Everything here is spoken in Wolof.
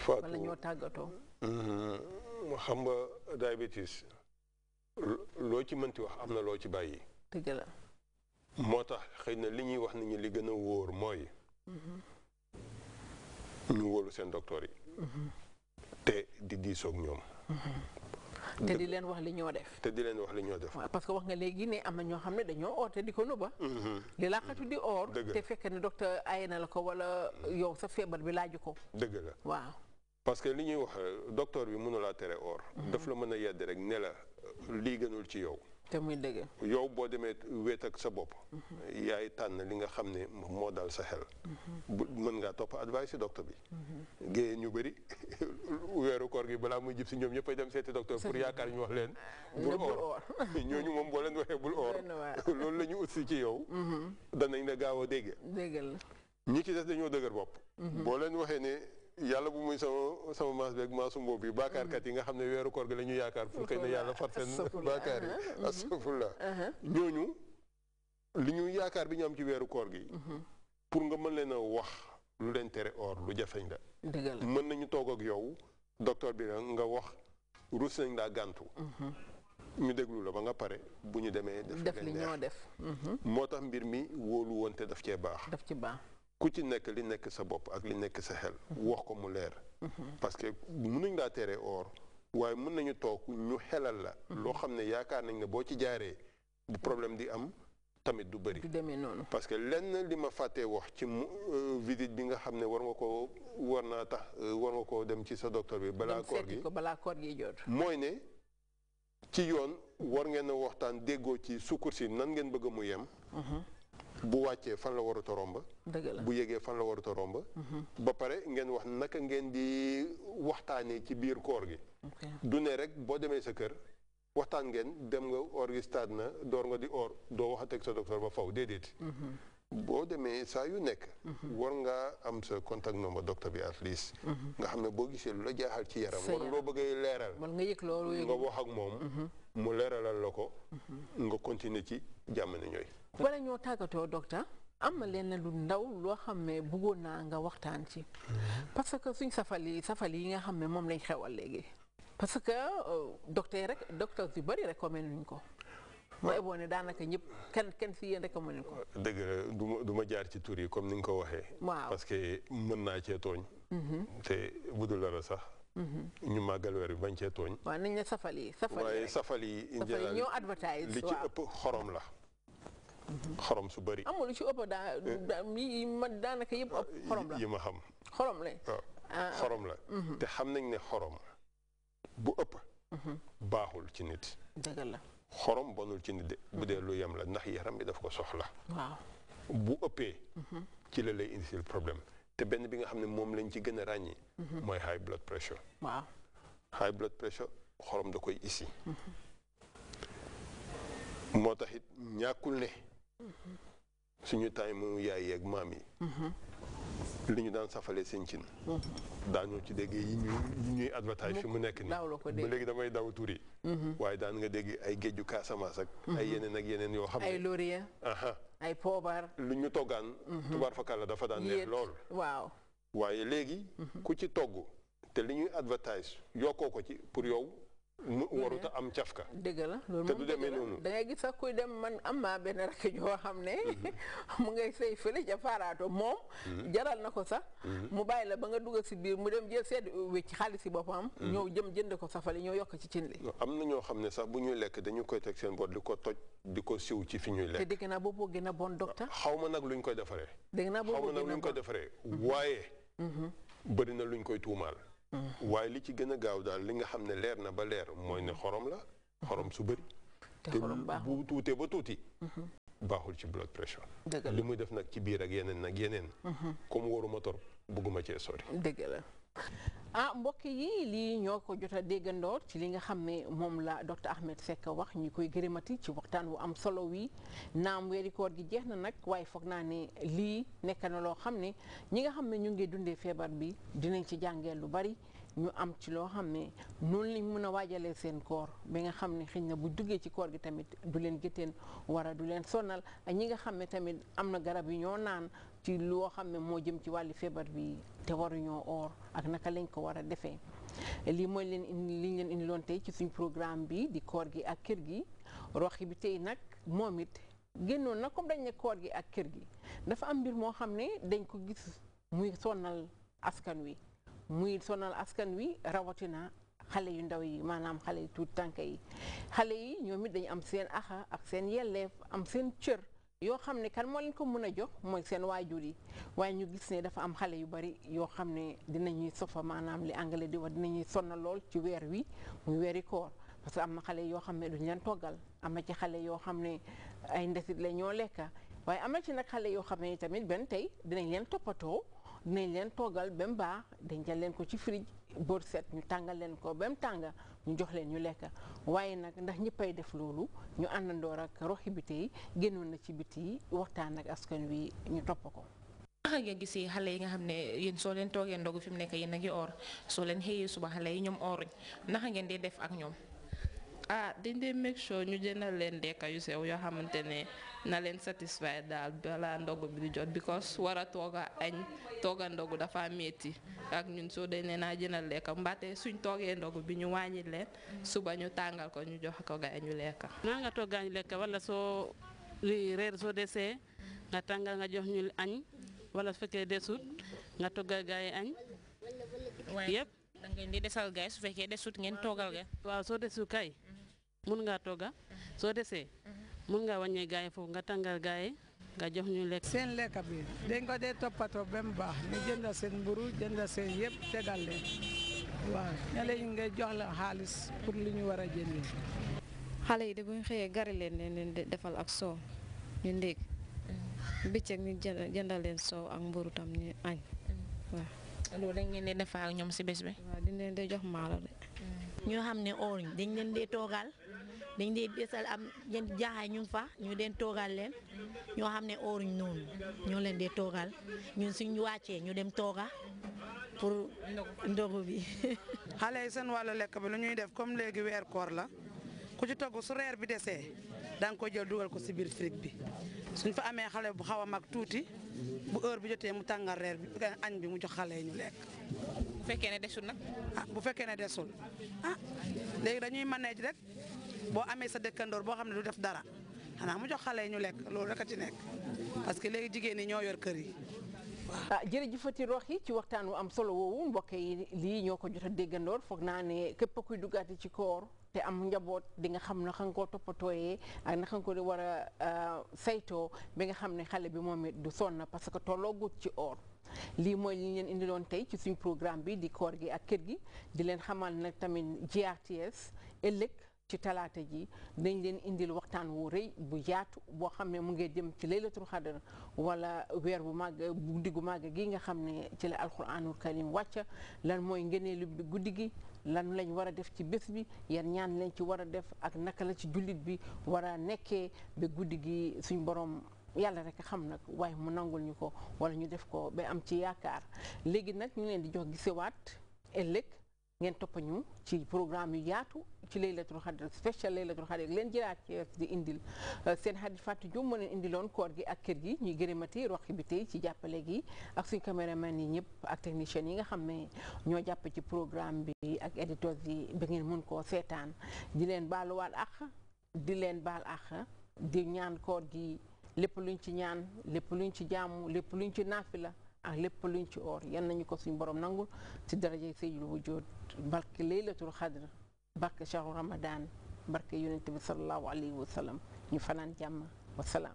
faatu wala ñoo tàggatoo. Mm-hmm, xam nga diabetes loo ci mënti wax am na loo ci bàyyi. dëgg la. moo tax xëy na li ñuy wax nañu li gën a wóor mooy. Mm-hmm. ñu wóolu seen docteur yi. Mm-hmm. te di diisoog ñoom. te di leen wax li ñoo def. te di leen wax li ñoo def. waaw parce que wax nga léegi ne am na ñoo xam ne dañoo oor te di ko nëbba. li laaxatu di oor. te fekk ne docteur aye na la ko wala yow sa feebar bi laaj ko. dëgg la waaw. parce que li ñuy wax euh, docteur bi mënu laa tere or. Mhm. daf la mën a yedd rek ne la euh, lii gënul ci yow. te muy dëgg. yow boo demee wéet ak sa bopp. Mhm. yaay tànn li nga xam ne moo dal sa xel. Mhm. bu mën ngaa topp advice si docteur bi. géeyee ñu bëri weeru koor gi balaa muy jib si ñoom ñëpp dem seeti docteur pour yaakaar ñu wax leen. bul or ñooñu moom boo leen waxee bul or. loolu lañu ñu utsi ci yow. danañ la gaaw a dégg. dégg la ñi ci des dañoo dëgër bopp. boo leen waxee ne. yàlla bu muy sama sama maas beeg maasum boobu bi baakaarkat yi nga xam ne weeru koor gi la ñu yaakaar pour xëy na yàlla far seen baakaar yi uh-huh. astafurlah uh-huh. ñooñu li ñu yaakaar bi ñu ci weeru koor gi uh-huh. pour nga mën leen a wax lu leen tere or lu jafeñ la mën nañu toog ak yow docteur bi la nga wax ruus nañ laa gàntu ñu déglu la ba nga pare bu ñu demee def li ñoo def moo tax mbir mi wóolu woon te daf cee baax daf ci baax ku ci nekk li nekk sa bopp ak li nekk sa xel wax ko mu leer parce que mënuñ laa tere or waaye mën nañu toog ñu xelal la loo xam ne yaakaar nañ ne boo ci jaaree bu problème di am tamit du bëri parce que lenn li ma fàttee wax ci euh, visite bi nga xam ne war nga ko war naa tax euh, war nga ko dem ci sa docteur bi balaa koor gi balaa koor gi jot mooy ne ci yoon war ngeen waxtaan déggoo ci sukkur si nan ngeen bëgg mu yem mhm. bu wàccee fan la warut a romb. bu yegee fan la warut a romb. Mhm. ba pare ngeen wax naka ngeen di waxtaanee ci biir koor gi. dune rek boo demee sa kër waxtaan ngeen dem nga or gi stade na door nga di or doo wax waxateeg sa docteur ba faw déedéet. Mhm. boo demee saa yu nekk. Mhm. war nga am sa contact number docteur bi at least. nga xam ne boo gisee lu la jaaxal ci yaram. war loo bëggee leeral. nga yëg loolu nga wax ak moom. mu leeralal la ko. nga continuer ci jàmm na ñooy. wala ñoo tàggatoo docteur am na leen lu ndaw loo xam ne bëggoon naa nga waxtaan ci mm-hmm. parce que suñ safal yi safal yi nga xam ne moom lañ xewal léegi parce que euh, docteur rek docteur yu bari recommandé nuñ ko ma eboon ne daanaka ñëpp kenn kenn si yéen recommandé ko dëgg du ma du ma jaar ci tur yi comme ni nga ko waxee waaw parce que mën naa cee tooñ mm-hmm. te bu dul dara sax mm-hmm. ñu màggal weer bi bañ cee tooñ waaw nañ ne safal waaye safal yi ñoo advertise li ci ëpp xorom la xorom su bari amul lu ci ëpp daa yi ma daanaka yëpp xorom la yi ma xam. xorom la waaw ah, la. Mm-hmm. te xam nañ ne xorom bu ëpp. Mm-hmm. baaxul ci nit. dëgg la xorom bonul ci nit de bu dee mm-hmm. lu yem la ndax yaram bi daf ko soxla. bu ëppee. ci la lay indil problème te benn bi nga xam ne moom lañ ci gën a ràññee. mooy high blood pressure. xorom da koy isi. moo tax ñàkkul ne. suñu time mu yaay yeeg maam yi mm-hmm. li ñu daan safalee seen cin mm-hmm. ci dégg yi ñuy advertise fi mu nekk nii ba léegi damay daw tur mm-hmm. waaye daan nga dégg ay géeju Casamance ak ay yeneen ak yeneen yoo xam ne ay laurier aha ay lu ñu toggaan tubaar dafa daan neex lool waaw waaye léegi ku ci togg te li ñuy advertise yokkoo ko ci pour yow mu warut a am cafka. dëgg la loolu moom te demee noonu. dangay gis sax kuy dem man am naa benn rakk joo xam ne. Mhm. mu ngay sëy fële ca faaraato moom. Mhm. jaral na ko sax. Mhm. mu bàyyi la ba nga dugg si biir mu dem jël seet wécc xaalis yi boppam. ñoo jëm jënd ko safali ñoo yokk ci cin li. am na ñoo xam ne sax bu ñuy lekk dañu koy teg seen bopp di ko toj di ko siw ci fi ñuy lekk. te dégg naa boobu gën a bon docteur. Ah, xaw ma nag luñ koy defaree. dégg naa boobu gën a bon xaw defaree. waaye. bëri na luñ koy tuumaal. Mm-hmm. waaye li ci gën a gaaw daal li nga xam ne leer na ba leer mooy ne xorom la mm-hmm. xorom su bëri te bu tuutee ba tuuti mm-hmm. baaxul ci blood pressure li muy def nag ci biir ak yeneen nag yeneen comme waruma torop bëgguma cee sori dëgg ah mbokk yi lii ñoo ko jot a déggandoor ci li nga xam ne moom la docteur Ahmed Seck wax ñu koy gërëmati ci waxtaan wu am solo wii naam weeri koor gi jeex na nag waaye foog naa ne lii nekk na loo xam ne ñi nga xam ne ñu ngi dundee feebar bi dinañ ci jàngee lu bari ñu am ci loo xam ne noonu lañ mën a waajalee seen koor bi nga xam ne xëñ na bu duggee ci koor gi tamit du leen gétteen wara du leen sonal ak ñi nga xam ne tamit am na garab yu ñoo naan ci loo xam ne moo jëm ci wàllu feebar bi te waruñoo oor ak naka lañ ko war a defee lii mooy leen liñ leen indi loon tey ci suñ programme bi di koor gi ak kër gi roxi bi tey nag moom it génnoon na comme dañ ne koor gi ak kër gi dafa am mbir moo xam ne dañ ko gis muy sonal askan wi muy sonal askan wi rawatina xale yu ndaw yi maanaam xale yu tuut tànk yi xale yi ñoom it dañu am seen axa ak seen yelleef am seen cër yoo xam ne kan moo leen ko mën a jox mooy seen waajur yi waaye ñu gis ne dafa am xale yu bari yoo xam ne dinañuy sofa maanaam li anglais di wax dinañuy sonna lool ci weer wi muy weeri koor parce que am na xale yoo xam ne duñ leen toggal am na ci xale yoo xam ne ay ndesit la ñoo lekka waaye am na ci nag xale yoo xam ne tamit benn tey dinañ leen toppatoo dinañ leen toggal ba mu baax dencal leen ko ci fridge bër set ñu tàngal leen ko ba mu tànga ñu jox leen ñu lekk waaye nag ndax ñëppay def loolu ñu àndandoor ak roxibité yi génnoon na ci biti yi waxtaan ak askan wi ñu topp ko. ndax nga gisee xale yi nga xam ne yéen soo leen toogee ndogu fi mu nekk yéen a ngi or soo leen xëyee suba xale yi ñoom oruñ ndax ngeen di def ak ñoom. ah dañ dee make sure ñu jëndal leen ndekka yu sew yoo xamante ne na leen satisfy daal balaa ndogu bi di jot because war a tooga añ tooga ndogu dafa metti ak ñun soo dañ ne naa jëndal lekka mbaate suñ toogee ndogu bi ñu wàññi leen suba ñu tàngal ko ñu jox ko gaay ñu lekka naa nga toog gaañu lekka wala soo reer soo desee nga tàngal nga jox ñu añ wala su fekkee desut nga toggal gaay añ yëpp da ngeen di desal gaay su fekkee desut ngeen toogal ga waaw soo desu kay mun ngaa togga soo desee mun nga wàññee gaa yi foofu nga tàngal gaa yi nga jox ñu lekk seen lekk bi dañ ko dee toppatoo ba baax ñu jënd seen mburu jënd seen yëpp tegal leen waaw ña leen nga jox la xaalis pour li ñu war a jëndee xale yi de bu ñu xëyee gari leen leen leen defal ak soow ñu ndéeg bëccëg ñu jënda leen soow ak mburu tam ñu añ waaw loolu dañ leen di ñoom si bés bi waaw di leen di jox maalo de mm. ñu xam ne ooruñ dañ leen dee toogal dañ dee desal am ñen jaaxaay ñu fa ñu deen toogal leen ñoo xam ne ooruñ noonu ñoo leen dee toogal ñun suñ wàccee ñu dem tooga pour ndogu bi xale yi seen wàllu lekk bi lu ñuy def comme léegi weer koor la ku ci togg su reer bi desee da ko jël dugal ko si biir frigo bi suñ fa amee xale bu xaw a mag tuuti bu heure bi jotee mu tàngal reer bi añ bi mu jox xale yi ñu lekk fekkee ne desul nag. ah bu fekkee ne desul ah léegi dañuy manage rek boo amee sa dëkkandoor boo xam ne du def dara xanaa mu jox xale yi ñu lekk loolu rek a ci nekk parce que léegi jigéen yi ñoo yor kër yi. ah jërëjëfati rox yi ci waxtaan wu am solo woowu mbokk yi lii ñoo ko jot a déggandoor foog naa ne képp kuy duggaati ci koor te am njaboot di nga xam ne nga koo toppatooyee ak naka nga ko war a ah, saytoo bi nga xam ne xale bi moom it du sonn parce que tolloo ci or. lii mooy li leen indiloon tey ci suñ programme bi di koor gi ak kër gi di leen xamal nag tamit GRTS ëllëg ci talaata ji dañ leen indil waxtaan wu rëy bu yaatu boo xam ne mu ngi jëm ci laylatul xadar wala weer bu màgg guddi gu màgg gi nga xam ne ci la alquranul karim wàcca lan mooy ngëneelu guddi gi lan lañ war a def ci bés bi yan ñaan lañ ci war a def ak naka la ci jullit bi war a nekkee ba guddi gi suñ borom yàlla rek xam nag waaye mu nangul ñu ko wala ñu def ko ba am ci yaakaar léegi nag ñu leen di jox gisewaat ëllëg ngeen toppa ñu ci programme yu yaatu ci laylatul xadr spécial laylatul xadr leen jëlaat ci di indil euh, seen xarit Fatou Diop moo leen koor gi ak kër gi ñuy gërëmati roqi bi tey ci jàppale gi ak suñ caméraman yi ñëpp ak techniciens yi nga xam ne ñoo jàpp ci programme bi ak éditeurs yi ba ngeen mën ko seetaan di leen baaluwaat ak di leen baal ak di ñaan koor gi lépp luñ ci ñaan lépp luñ ci jaamu lépp luñ ci naafila ak lépp luñ ci oor yan nañu ko suñ borom nangul ci daraje sayyidul wujuud barke laylatul xadr barke shahru ramadan barke yonent bi sallallahu alayhi wa ñu fanaan jàmm wasalaam